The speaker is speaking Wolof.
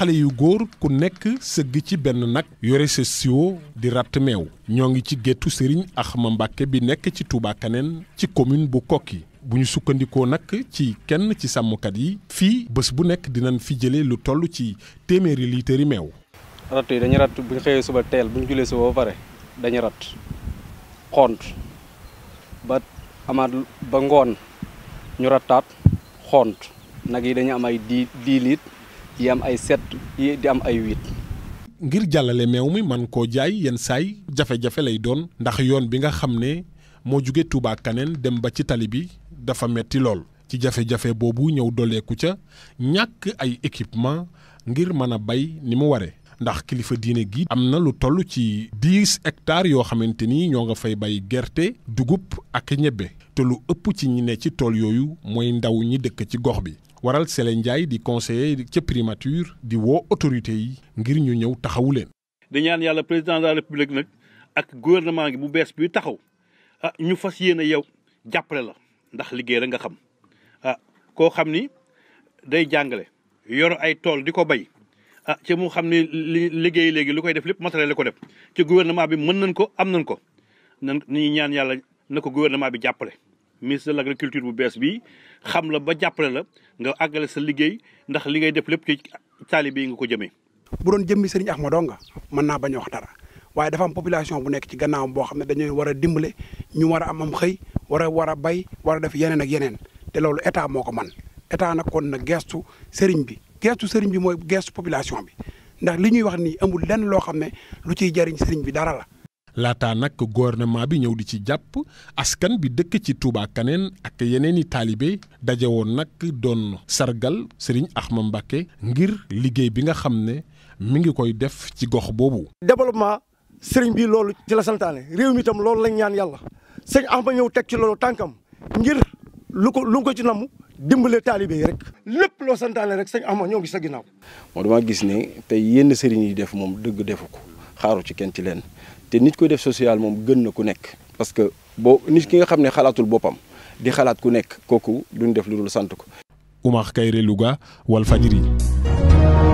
xale yu góor ku nekk sëgg ci benn nag yore sa siwo di ratt meew ñoo ngi ci géttu sëriñ Axma Mbàkke bi nekk ci Touba ci commune bu Kokki bu ñu sukkandikoo nag ci kenn ci sàmmkat yi fii bés bu nekk dinañ fi jëlee lu toll ci téeméeri liitari meew. ratt yi dañuy ratt bu ñu xëyee suba teel bu ñu jullee suba ba pare dañuy ratt xont ba amaat ba ngoon ñu rattaat xont nag yi dañu am ay dix yi ay sept am ay huit. ngir jàllale meew mi man koo jaay yenn saay jafe-jafe lay doon ndax yoon bi nga xam ne moo jóge Touba Kaneen dem ba ci tali bi dafa metti lool ci jafe-jafe boobu ñëw doleeku ca ñàkk ay équipement ngir mën a bay ni mu ware ndax kilifa diine gi am na lu toll ci dix hectares yoo xamante ni ñoo nga fay bay gerte dugub ak ñebbe te lu ëpp ci ñi ne ci tool yooyu mooy ndaw ñi dëkk ci gox bi waral Sele Ndiaye di conseiller ca primature di woo autorité yi ngir ñu ñëw taxawu leen. di ñaan yàlla président de la république nag ak gouvernement gi bu bees bi taxaw ah ñu fas yéene yow jàppale la ndax liggéey rek nga xam ah koo xam ni day jàngale yoro ay tool di ko bay ah ci mu xam ni liggéey léegi lu koy def lépp matériel ko def ci gouvernement bi mën nañ ko am nañ ko nan ñuy ñaan yàlla na ko gouvernement bi jàppale. ministre de l' bu bees bii xam la ba jàppale la nga àggale sa liggéey ndax li ngay def lépp ci taalibe yi nga ko jëmee. bu doon jëmmi Serigne Ahmadou dong nga mën naa bañ a wax dara waaye dafa am population bu nekk ci gannaaw boo xam ne dañuy war a dimbale ñu war a am xëy war a war a bay war a def yeneen ak yeneen te loolu état moo ko man état nag kon na gestu Serigne bi gestu Serigne bi mooy geestu population bi ndax li ñuy wax nii amul lenn loo xam ne lu ciy jariñ Serigne bi dara la. laataa nag gouvernement bi ñëw di ci jàpp askan bi dëkk ci Touba Kaneen ak yeneen i taalibe daje woon nag doon sargal Serigne Axma Mbacké ngir liggéey bi nga xam ne mu ngi koy def ci gox boobu. développement sëriñ bi loolu ci la santaane réew mi itam loolu lañ ñaan yàlla sëñ Axma ñëw teg ci loolu tànkam ngir lu ko lu ko ci namm dimbale taalibe yi rek lépp loo santaane rek sañ Axma ñoo ngi sa ginnaaw. moo dama gis ne tey yenn sëriñ yi def moom dëgg defu ko xaaru ci kenn ci leen te nit koy def social moom gën na ku nekk parce que boo nit ki nga xam ne xalaatul boppam di xalaat ku nekk kooku duñ def lu dul sant ko Oumar Kairé Louga Walfadjri